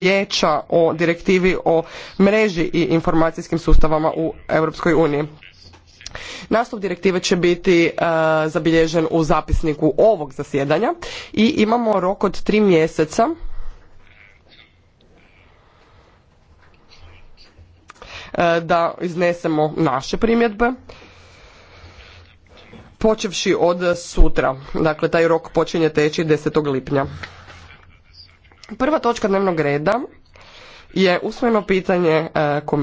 vijeća o direktivi o mreži i informacijskim sustavama u Europskoj uniji. Naslov direktive će biti e, zabilježen u zapisniku ovog zasjedanja i imamo rok od tri mjeseca e, da iznesemo naše primjedbe počevši od sutra. Dakle, taj rok počinje teći 10. lipnja. Prva točka dnevnog reda je usmeno pitanje e, komisije